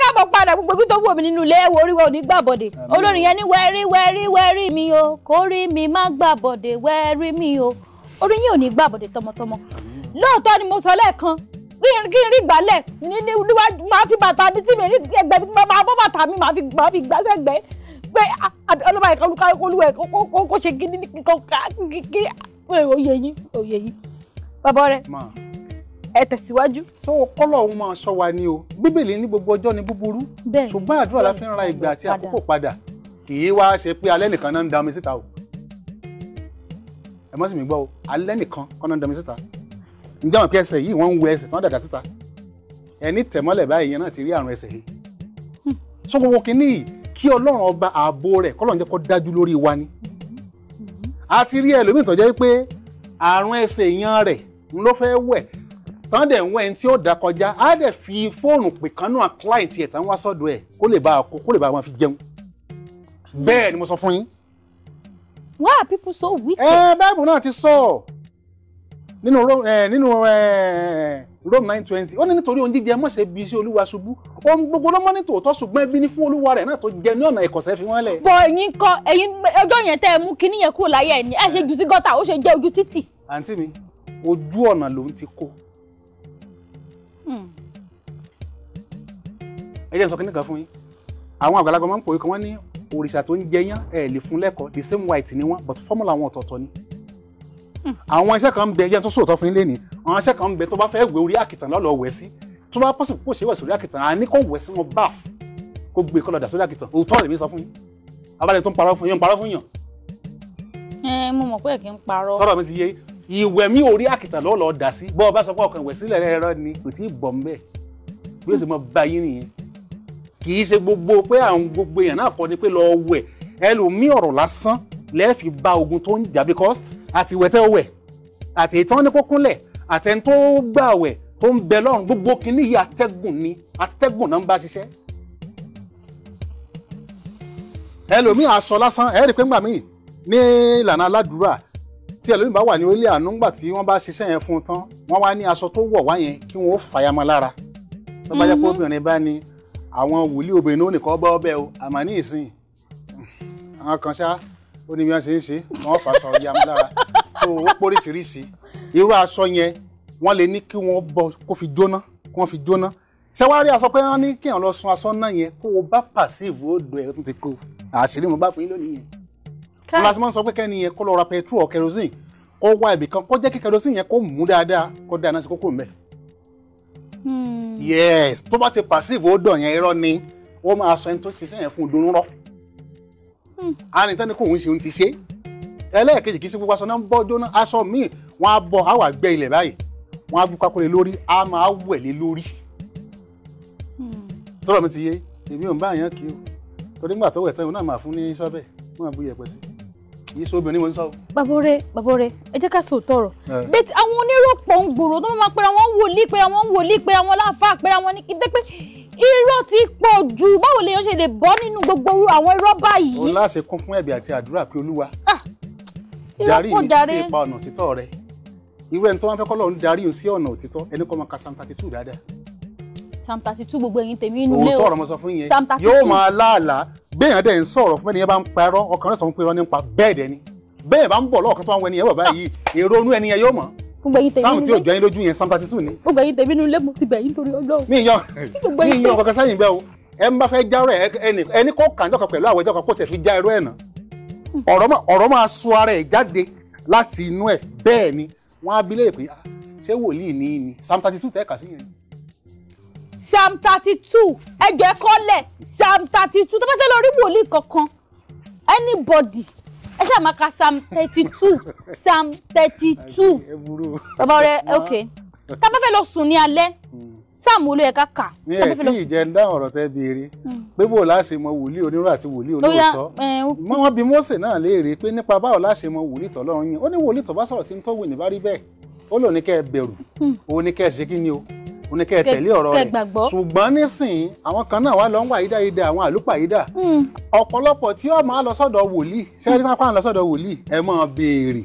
káàbọ̀ padà gbogbo ibi tó wù mí nínú ilé ẹ̀wọ̀ oríwọ̀ ò ní gbàbọ̀dè olórin yẹn ní wẹ́rí wẹ́rí wẹ́rí mi o kò rí mi má gbàbọ̀dè wẹ́rí mi o orí yín ò ní gbàbọ̀dè tọmọtọmọ lóòótọ́ ni mo sọ lẹ́ẹ̀kan kí n rí gbálẹ̀ níwájú máa fi bàtà mi tí mi rí ẹgbẹ́ mi máa bọ́ bàtà mi máa fi gbàsẹ̀ gbẹ́ pé ọlọ́mọ ẹ̀ka olúwa ẹ̀ kó ṣe kí òye yín òye yín bàbá rẹ̀ ẹ tẹ̀síwájú. sọ́wọ́ kọ́lọ̀ òun máa ṣọ́ wa ni o bíbélì ní gbogbo ọjọ́ ni búburú ṣùgbọ́n àdúrà la fi ń ra ìgbà àti àkókò padà kì í wá ṣe pé alẹ́ nìkan náà ń da mi síta o ẹ mọ́ sì mí gbọ́ o alẹ́ nìkan kọ́ náà ń da mi síta ǹjẹ́ àwọn pé ẹsẹ̀ yìí wọ́n ń wẹ ẹsẹ̀ tí wọ́n dàda síta ẹni tẹ̀mọ́lẹ̀ báyìí yẹn náà ti rí àrùn ẹsẹ̀ yìí so gbogbo kìíní yìí kí ọlọ́run ọba ààbò rẹ̀ kọ́lọ́run jẹ́ kó dájú lórí wa ni a ti rí ẹlòmíì tán dẹ̀ ń ẹni tí ó dá kọjá á dẹ̀ fi fóònù pè kánú à client ẹ̀ tán wá sọ́dọ̀ ẹ̀ kó lè bá kó lè bá wọn fi jẹun bẹ́ẹ̀ ni mo sọ fún yín. why are people so wicked. ẹ báàbù náà ti sọ nínú Rome nine twenty ó ní nítorí ohun jíjẹ mọ̀ṣẹ́ bí iṣẹ́ olúwa ṣubú ohun gbogbo ló mọ́ ní tòótọ́ ṣùgbọ́n ẹbí ni fún olúwa rẹ̀ náà tó jẹ ní ọ̀nà ìkọ̀sẹ́ fi wọ́n lẹ̀. bọ ẹ̀yin kọ ẹ̀yin ọjọ́ yẹn tẹ́ ẹ mú kinní yẹn kúrò láyé ẹ ní ẹ ṣe jù sí gọ́tà ó ṣe jẹ́ ojú títì. àǹtí mi ojú ọ̀nà ló ti kó ẹ jẹ́ n sọ kínní kan fún yín àwọn àgbàlagbà máa ń pòwe kan wọ́n ní òrìṣà tó ń jẹyán ẹ̀ lè fún lẹ́kọ̀ọ́ the same white ni wọ́n but formula wọn ọ̀tọ̀ọ̀tọ̀ ni àwọn iṣẹ́ kan ń bẹ yẹn tó sòótọ́ fún ilé ni àwọn iṣẹ́ kan ń bẹ tó bá fẹ́ wẹ̀ orí àkìtàn lọ́lọ́ wẹ̀ sí tó bá pọ́sì kò ṣe wẹ̀ sórí àkìtàn àní kò wẹ̀ sínú báf kó gbé e kọ́ lọ́dà sórí àkìtàn òótọ́ rèmi sọ fún yín abalẹ̀ tó ń parọ́ fún yín ń parọ́ fún yàn. ẹ mo mọ̀ pé kì í parọ́. sọ̀rọ̀ mi ti yé ìwẹ̀ mi orí àkìtàn lọ́ọ́ lọ́ọ́ dà sí bọ́ ọ ni kò tí ì bọ̀ ń kì í ṣe gbogbo pé àwọn gbogbo èèyàn náà kọ́ ni pé lọ wẹ̀ ẹlòmíì ọ̀rọ̀ lásán lẹ́ẹ̀fì bá ogun tó ń jà because àti ìwẹ̀ tẹ́ wẹ̀ àti ìtàn ní kókúnlẹ̀ àtẹn tó gbà wẹ̀ tó ń bẹ lọ́rùn gbogbo kìíní yìí atẹ́gùn ni atẹ́gùn náà ń bá ṣiṣẹ́. ẹlòmíì aṣọ lásán ẹ rí i pé ńgbà míì ní ìlànà aládùúrà tí ẹlòmíì bá wà ní orílẹ̀ àánú ńgbà tí wọ́n bá ṣiṣẹ́ yẹn fún un tán wọ́n wá ní aṣọ tó wọ̀ wá yẹn kí wọ́n ó fàyàmọ́ lára tó bá jẹ́ pé obìnrin bá ní àwọn wòlíì obìnrin ó nìkan bọ́ ọbẹ̀ o àmọ́ ní ìsìn àwọn kan ṣá ó ní bí wọ́n ṣe ń ṣe wọ́n fà sọ ya mọ́ lára tó ó póríṣiríṣi irú aṣọ yẹn wọ́n lè ní kí wọ́n bọ kó fi jóná kí wọ́n fi jóná sẹ́wárí aṣọ pé wọ́n ní kí wọ́n lọ sun aṣọ náà yẹn kó o bá pàṣíìfù ó do ẹ̀ tó ti kó àṣírí mo bá fún yín lónìí yẹn wọn lásìmọ́ sọ pé kẹ́ni yẹn kó lọ ra pẹtrú ọ̀ kerosene kó wá ibìkan kó jẹ́ kí kerosene yẹn kó mú dáadáa kó dáa sí kókó mẹ́. Hmm yes tó bá ti perceive ó dàn yẹn irọ́ ni wọ́n máa sọ ẹni tó ṣiṣẹ́ yẹn fún un lórúkọ àrùn ìtẹ́ni kò ń ṣe òun ti ṣe ẹlẹ́ẹ̀kejì kì í ṣe gbogbo aṣọ náà ń bọ́ jóná aṣọ míì wọ́n á bọ̀ á wà gbẹ́ ilẹ̀ báyìí wọ́n á bu pákó lé lórí á máa wẹ̀ lé lórí tọ́lọ̀ hmm. mi ti yé èmi ò ń bá àyàn kí o torí nígbà tó wẹ̀ tán ìwọ náà máa fún ní sọ́bẹ̀ wọ́n á bu yẹ̀pẹ̀ sí i yìí sọ obìnrin mo ń sọ. bàbá rẹ bàbá rẹ ẹ jẹ́ ká sòótọ́ ọ̀rọ̀ bẹ́ẹ̀ àwọn onírọ̀pọ̀ ń gbòòrò tó máa pera wọn wòlíì pera wọn wòlíì pera wọn láfa pera wọn ní kíndé pé irọ́ ti pọ̀ jù báwo lèèyàn ṣe lè bọ́ nínú gbogbo àwọn irọ́ báyìí. òun láṣẹ kún fún ẹ̀bẹ̀ àti àdúrà pé olúwa ah, darí mi sí ipa ọ̀nà òtítọ́ rẹ irú ẹni tó wá fẹ́ kọ́ lọ́run darí òun sí ọ̀nà òtítọ́ béèyàn dẹ̀ ń sọ̀rọ̀ fún ẹniyẹn bá ń parọ́ ọkàn rẹ̀ sọ pé irọ́ nípa bẹ́ẹ̀ dẹ̀ ni bẹ́ẹ̀ bá ń bọ̀ lọ́ọ̀kan tó wà ẹniyẹn wà báyìí èrò onú ẹniyẹn yóò mọ̀ sáàmù tí ò jọyín lójú yẹn sáàmù thirty two ni. gbogbo ẹ̀yin tèmi nulẹ̀ mo ti bẹ̀ yín torí ọjọ́. mi yan mi yan kankan sáyìn bẹ́ẹ̀ o ẹ ń bá fẹ́ já rẹ̀ ẹni kó kàn jọkàn pẹ̀lú àwọn ìjọkàn kó tẹ̀ fi já irú ẹ̀ nà ọ̀rọ̀ máa sọ ara ẹ̀ jáde láti inú ẹ̀ bẹ́ẹ̀ ni wọ́n á bí léèrè ah, ṣé wòlíì ni sáàmù thirty two tẹ́ ẹ̀ka sí yẹn psalm thirty two ẹgbẹ́ kọ́lẹ̀ psalm thirty two tó bá fẹ́ lọ rí wòlíì kankan anybody ẹ ṣáà máa ka psalm thirty two psalm thirty two bàbá rẹ ok tá a bá fẹ́ lọ sùn ní alẹ́ psalm wo ló yẹ ká kà. ní ẹ tí ìjẹ ń dá ọ̀rọ̀ tẹ́ béèrè hmm. pé bó o láṣẹ mọ wòlíì onírú àti wòlíì olóòótọ́ mọ wọn bí Mósè náà léèrè pé nípa báwo láṣẹ mọ wòlíì tọ́lọ́run yín ó ní wòlíì tó bá sọ̀rọ̀ tí ń tọ́wò ní bá rí bẹ́ẹ̀ ó lò ní kẹ́ ẹ bẹ̀rù òun hmm. ní kẹ́ ẹ ṣe kí ni o òun ni kẹ́ ẹ tẹ̀lé ọ̀rọ̀ rẹ̀ ṣùgbọ́n nísìnyí àwọn kan náà wà lọ ń wà yídà yídà àwọn àlùpàyídà hmm. ọ̀pọ̀lọpọ̀ tí ọmọ á lọ sọ́dọ̀ wòlíì sẹ́rí sápá ń lọ sọ́dọ̀ wòlíì ẹ máa béèrè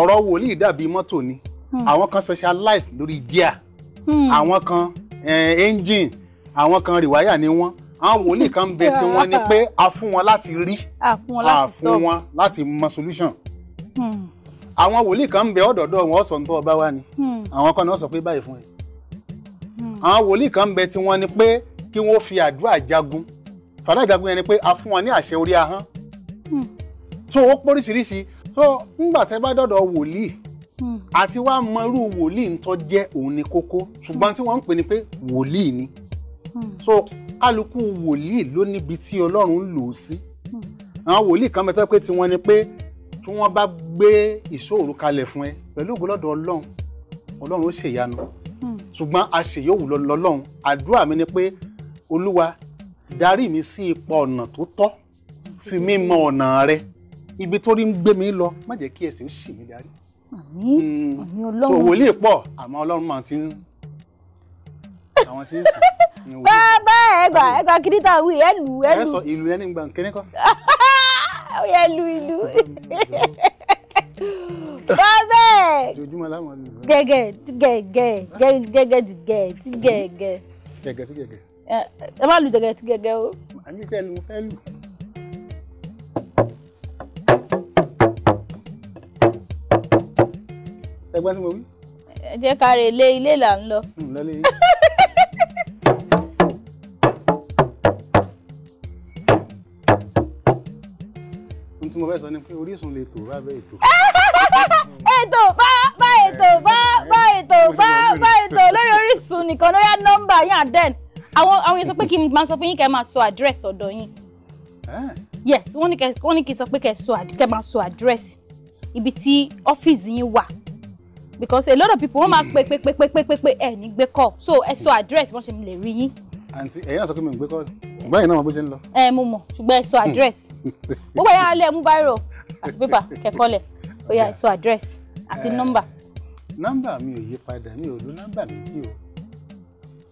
ọ̀rọ̀ wòlíì dàbí mọ́tò ni hmm. àwọn kan specialize lórí gear hmm. àwọn kan engine àwọn kan rìwáyà ni wọ́n àwọn wòlíì kan bẹ tí wọ́n ní pé a fún wọn láti rí a fún wọn láti mọ solution àwọn wòlíì kan bẹ ọ̀dọ̀ọ̀dọ̀ wọn ọ̀sọ̀ ń tọ́ ọba wa ni àwọn kan náà sọ pé báyìí fún ẹ àwọn wòlíì kan bẹ tí wọ́n ní pé kí wọ́n fi àdúrà jagun fàdá jagun yẹn ni pé a fún wọn ní àṣẹ orí ahọ́n hmm. so ó póríṣiríṣi so ńgbà tẹ bá dọ̀dọ̀ wòlíì àti hmm. wàá mọ irú wòlíì ń tọ́ jẹ́ òun ni kókó ṣùgbọ́n tí wọ́n ń pè ní pé wòlíì ni hmm. so kálukú wòlíì ló níbi tí Ọlọ́run ń lò ó sí àwọn wòlíì kan bẹ tọ́ pé tiwọn ni pé tí wọ́n bá gbé ìṣòro kalẹ̀ fún ẹ pẹ̀lú ògbólọ́dọ̀ Ọlọ́run Ọlọ́run ó ṣèyanu ṣùgbọ́n a ṣe yóò wù lọ́lọ́run àdúrà mi ni pé olúwa darí mi sí ipò ọ̀nà tó tọ́ fi mí mọ ọ̀nà rẹ ibi tó rí ń gbé mi lọ má jẹ́ kí ẹsẹ̀ ó ṣì mí darí. àmín hmm. àmín ọlọ́run òwò lè pọ̀ àmọ́ ọlọ́run máa ti ń àwọn tí ń sìn ní òwò. bá ẹgbà ẹgbà kiri tá a wí ẹlù ẹlù. ẹ sọ ìlú ẹni gbà kíní kan. ó ìlú. bá bẹ́ẹ̀ láwọn ni. gẹ́gẹ́ gẹ́gẹ́ gẹ́gẹ́ gẹ́gẹ́ gẹ́gẹ́. gẹ́gẹ́ tí gẹ́gẹ́. ẹ má lu gẹ́gẹ́ tí gẹ́gẹ́ o. àmì tẹ́ lu fẹ́ lu. ẹ gbọ́ sí mo wí. ẹ jẹ́ ká rè lé ilé là ń lọ. lọ́lé yìí. tí mo fẹ́ sọ ni pé Orísun lè tò bá bẹ́ẹ̀ ètò bá ètò bá bá ètò bá bá ètò lórí Orísun nìkan ló yá nọ́mbà yín and then àwọn àwọn yẹn sọ pé kí n máa sọ fún yín kẹ́ máa sọ àdírẹ́sì ọ̀dọ̀ yín yes wọ́n ní kẹ́ wọ́n ní kí n sọ pé kẹ́ máa sọ àdírẹ́sì ibi tí ọ́fíìsì yín wà because a lot of people wọ́n máa pe pe pe pe pe pe pe ẹ̀ ní gbé call so ẹ sọ àdírẹ́sì wọ́n ṣe lè rí yín. àǹtí ẹ̀yin náà sọ pé mi ò gbé call ìgbà yìí náà mo bó ṣe ń lọ. ẹ mo mọ ṣùgbọ́n ẹ sọ àdírẹ́sì gbogbo yàrá lẹ mú báírò àti pépà kẹ́kọ́ lẹ̀ ó yá ẹ sọ àdírẹ́sì àti nọ́mbà nọ́mbà mi ò yí padà mi ò lu nọ́mbà méjì o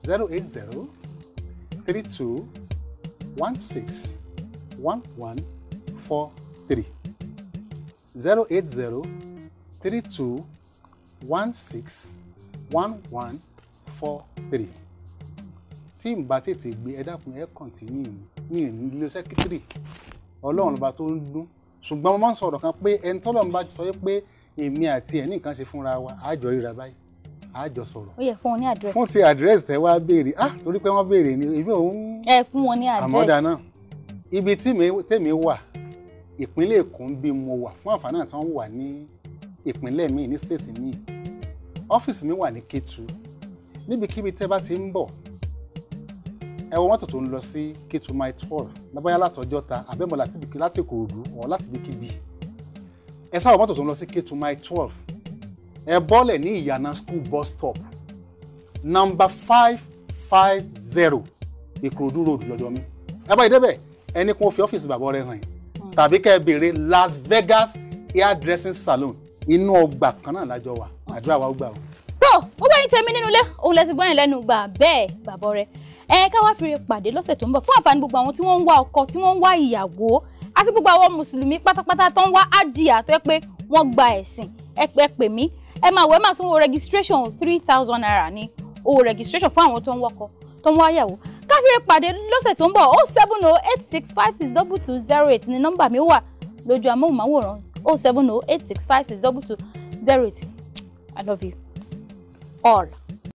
zero eight zero three two one six one one four three zero eight zero three two one six one one four three tí n bá tètè gbé ẹ dákun ẹ kọ̀ǹtínú mi ì ní ilé sẹ́kítírì ọlọ́run ọba tó ń dún ṣùgbọ́n mo máa ń sọ̀rọ̀ kan pé ẹni tọ́lọ́run bá sọ pé èmi àti ẹ̀ ní nǹkan ṣe fúnra wa àjọ ríra báyìí àjọ sọ̀rọ̀. ó yẹ fún wọn ní àdírẹ́sì. wọ́n ti àdírẹ́sì tẹ́ wá béèrè ah torí pé wọ́n béèrè ni èmi òun. ẹ fún wọn ní àdírẹ́sì. àmọ́dá náà ibi tèmi wà ìpínlẹ̀ Èkó ń bí mo wà fún àǹfààní àti wọn wà ní ìpínlẹ̀ míì ní stéètì míì ọ́fíìsì mi wà ní Kétu níbikíbi tẹ́ bá ti ń bọ̀ ẹ wọ mọ́tò tó ń lọ sí Kétu mile twelve lábáyá látọjọ́ ta àbẹ́mọ̀ láti kòòdú ọ̀ láti ibikíbi ẹ sáwọ mọ́tò tó ń lọ sí Kétu mile twelve ẹ bọ́lẹ̀ ní ìyànà school bus stop number five five zero ìkòròdú road lọ́jọ́ mi ẹ bá yìí débẹ̀ ẹni kún fi ọ́fíìsì bàbá rẹ̀ hàn yín tàbí kẹ́ ẹ béèrè Las Vegas hair dressing salon inú ọgbà kan náà lájọ wà àdúrà wa ó gbà o. tó ó wẹ́yìn tẹ̀mí nínú ilé òun lẹ́sìn gbọ́yìn lẹ́nu gbà bẹ́ẹ̀ bàbá rẹ̀ ẹ ká wá fi pàdé lọ́sẹ̀ tó ń bọ̀ fún àǹfààní gbogbo àwọn tí wọ́n ń wá ọkọ tí wọ́n ń wá ìyàwó àti gbogbo àwọn mùsùlùmí pátápátá tó ń wá àdìyà tó yẹ pé wọ́n gba ẹ̀sìn ẹ pẹ́ pè mí ẹ máa wọ ẹ máa sanwó registration three thousand naira ní owó registration fún àwọn tó ń wọ́kọ tó ń wáyàwó káfíńrẹ́ pàdé lọ́sẹ̀ tó ń bọ̀ oh seven oh eight six five six double two zero eight ni nọ́mbà mi wà lójú amóhùnmáwòrán oh seven oh eight six five six double two zero eight I love you all.